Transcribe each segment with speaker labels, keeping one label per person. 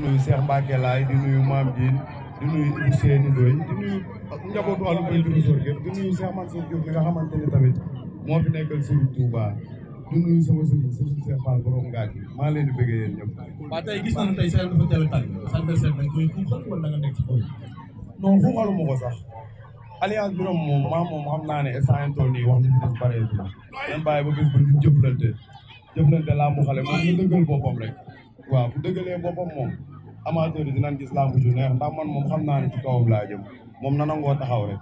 Speaker 1: nuyu Cheikh Mbacke Laay di nuyu Maam Diine di nuyu Ousseynou Ndoye di nuyu njabootu wàllu bay di nuyu gépp di nuyu Cheikh Mansour Diouf mi nga xamante ne tamit moo fi nekkal Serigne Touba di nuyu sama si Serigne Cheikh Fall borom ngaaj bi maa leen di bëggee yéen a tànn seen benn seen dañ koy xuuxal ko sax alliance bi nag moom maa moom xam naa ne instant wax nañu des pareil bi. dañ bàyyi ba gis ba ñu jëflante jëflante laa mu xale moom ñu dëggal rek waaw bu dëggalee boppam moom amateur yi dinañ gis làmb ju neex ndax man moom xam naa ne ci kawam laa jëm moom na nangoo taxaw rek.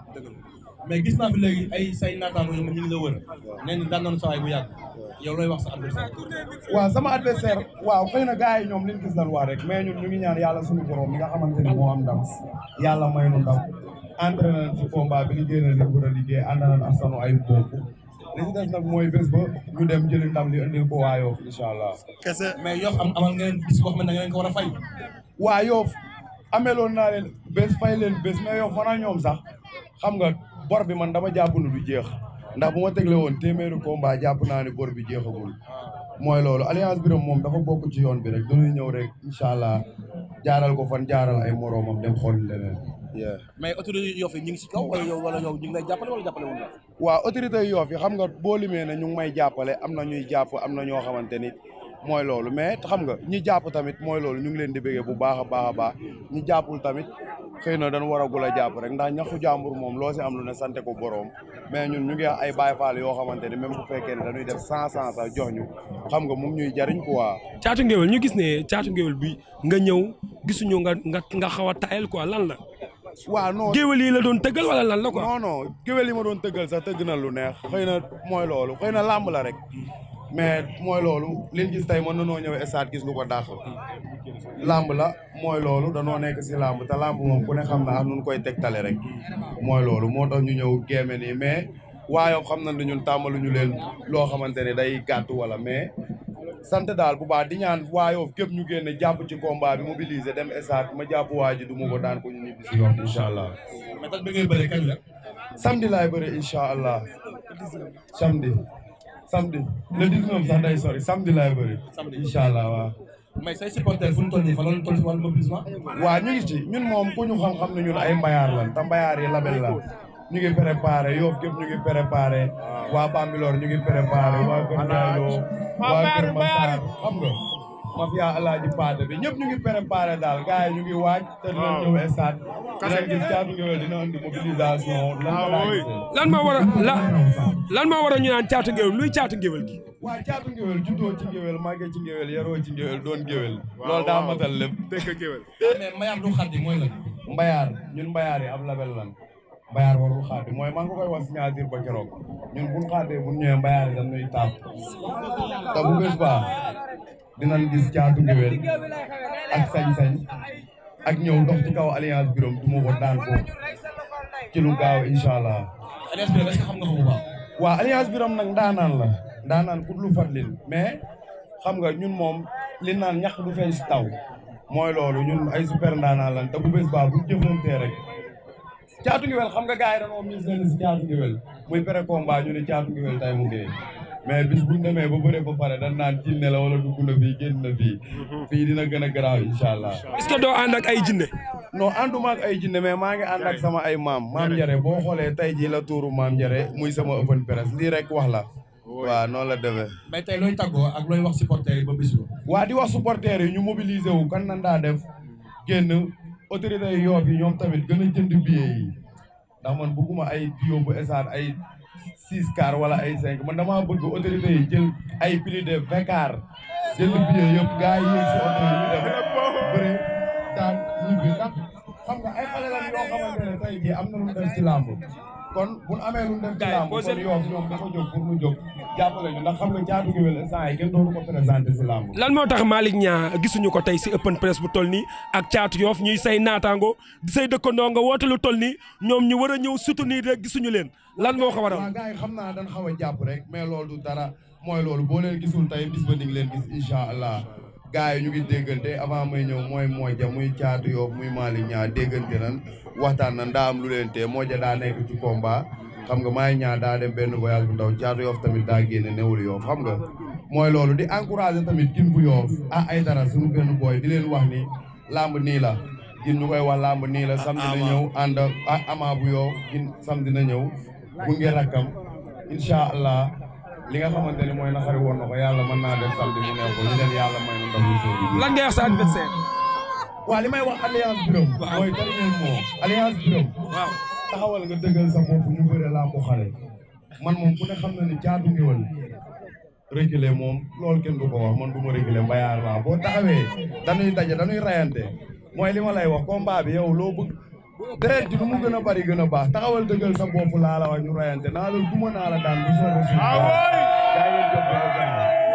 Speaker 1: mais gis naa fi léegi ay say naataango yi ñu ngi la wër. nee nañ daan nañu sa waay bu yàgg. yow looy wax sa adversaire. waaw sama adversaire waaw xëy na gars ñoom liñ gis lan wax rek mais ñun ñu ñaan yàlla suñu borom mi nga xamante ni moo am ndam yàlla may nu ndam entraîné nañ ci combat bi liggéey na li war a liggéey ànd nañ ak sanu ay boobu li ci des nag mooy bés ba ñu jëli ndam li indil ko waa Yoff incha allah. kese mais Yoff am amal ngeen bis boo xam ne da ngeen war a fay. waa Yoff ameloon naa leen bés fay leen bés mais Yoff xanaa ñoom sax xam nga bor bi man dama jàpp ne du jeex ndax bu ma tegle woon téeméeri combat jàpp naa ne bor bi jeexagul. mooy loolu alliance birom moom dafa bokk ci yoon bi rek dañuy ñëw rek incha allah jaaral ko fan jaaral ay moroomam dem xool leneen. mais autorité Yoff yi ñu ngi si kaw wala yow wala yow ñu ngi lay jàppale wala jàppale woon la waaw autorité Yoff yi xam nga boo limee ne ñu ngi may jàppale am na ñuy jàpp am na ñoo xamante ni mooy loolu mais xam nga ñi jàpp tamit mooy loolu ñu ngi leen di bëggee bu baax a baax a baax ñi jàppul tamit xëy na dañu a jàpp rek ndax ñaxu jàmbur moom loo si am lu ne sante ko boroom mais ñun ñu ngi ay Baay Faal yoo xamante ne même bu fekkee ne dañuy def cent cent sax jox ñu xam nga moom ñuy jariñ ko quoi. caatu ngéwél ñu gis ne caatu ngéwél bi nga ñëw gisuñu nga nga nga xaw a quoi lan la. waaw non géwél yi la doon tëggal wala lan la ko non non géwél yi ma doon tëggal sax tëgg na lu neex xëy na mooy loolu xëy na làmb la rek mais mooy loolu liñ gis tey mën nanoo ñëw stade gis lu ko làmb la mooy loolu danoo nekk si làmb te làmb moom ku ne xam na ak nun koy tegtale rek mooy loolu moo tax ñu ñëw géeme nii mais waaye xam nañ ne ñun ñu leen loo xamante ne day gàtt wala mais sant daal bu baax di ñaan waa képp ñu génne jàpp ci combat bi mobiliser dem esaat ma jàpp waa ji du ma ko daan ko ñu ñibbi si Yoff allah. méthode bi ngay incha allah. samedi. samedi day sori samedi laay bëre. samedi incha allah waaw. mais say supporters ñu toll ñun moom ku ñu xam-xam ne ñun ay mbayaar lan te mbayaar yi label ñu ngi préparé Yoff gépp ñu ngi préparé waa Bambilor ñu ngi préparé waa Kër Ndiallo waa Kër Massar xam bi ñëpp ñu ngi ngi waaj te dina ñëw stade dina gis caatu ah ngéwél lan moo war a lan moo caatu ngéwél luy caatu ngéwél gi waaw caatu ngéwél juddoo ci ngéwél màggee ci ngéwél yaroo ci doon ngéwél daa matal lépp ah, ñun mbayaar yi ab label lan mbayaar warul xaadi mooy man ko koy wax signature ba keroog ñun buñ xaatee bu ñëwee mbayaar dañ nuy taam te bu bés ba dinañ gis caatu ngewel ak sañ-sañ ak ñëw ndox ci kaw alliance birom du ma daan ko lu gaaw incha allah. alliance birom alliance birom nag ndaanaan la ndaanaan ku lu farlil mais xam nga ñun moom li naan ñax du feeñ si taw mooy loolu ñun ay super ndaanaan lan te bu bés ba bu jëflantee rek. caatu ngiwel xam nga gars yi dañoo mis leen si caatu ngiwel muy pré combat ñu ne caatu ngiwel tay mu dee mais bis bu ñu demee ba bëre ba pare dañ naan jinne la wala dugg na fii génn na fii mhm. fii dina gën a garaaw incha allah. est-ce que doo ànd ak ay jinne. non ànduma ak ay jinne mais maa ngi ànd ak sama ay maam maam Njare boo xoolee tey jii la tuuru maam Njare muy sama open press lii rek wax la. waaw noonu la demee. mais tey looy tàggoo ak looy wax supporters yi ba bis waa di wax supporters yi ñu mobiliser wu kan nan daa def autorité yi yoof yi ñoom tamit gën a jënd billet yi ndax man bëgguma ay bio bu ay six car wala ay cinq man damaa bëgg autorité yi jël ay plus de vingt car jël billet yëpp gars yi yëg ay xale lan yoo xamante am na lu ci làmb kon bu amee lu ñu def. gars yi posé kon yow ñoom dafa jóg pour ñu jóg jàppale ñu ndax xam nga caatu gi wala saa yi kenn doonu ko présenté ko tey si open press bu toll nii ak caatu yoof ñuy say naataango di say dëkkandoo nga woote lu toll nii ñoom ñu war a ñëw soutenir rek gisuñu leen lan moo ko waral. waaw gars yi xam naa dañ xaw jàpp rek mais loolu du dara mooy loolu boo leen gisul tey bis ba di leen gis incha allah. gars yi ñu ngi déggante avant mooy ñëw mooy Modja muy Caatu Yoof muy Malick Niang déggante nan waxtaan nan daa am lu leen moo ja daa nekk ci combat xam nga Malick Niang daa dem benn voyage bu ndaw Caatu Yoof tamit daa génne newul Yoof xam nga mooy loolu di encouragé tamit gin bu Yoof ah ay dara suñu benn booy di leen wax ni làmb nii la gin ñu koy wax làmb nii la ah, samedi na ñëw ànd ak ah, ama bu Yoof gin samedi na ñëw bu ngi rakkam allah li nga xamante ni mooy naxari woon na ko yàlla mën naa def samedi mu neex ko ñu leen yàlla may na ndam lan nga wax sa adversaire. waaw li may wax alliance Birame. waaw mooy dernier mot alliance Birame. taxawal nga dëggal sa bopp ñu bëre laa ko man moom ku ne xam na ni caatu ngiwal moom loolu kenn du ko wax man du ma reculer mbayaar waa boo taxawee dañuy daje dañuy rayante mooy li ma wax combat bi yow loo deret ji lu mu gën a bari gën a baax taxawal dëggal sa bopp laa la ñu rayante naa la duma naa la daan bu soobee.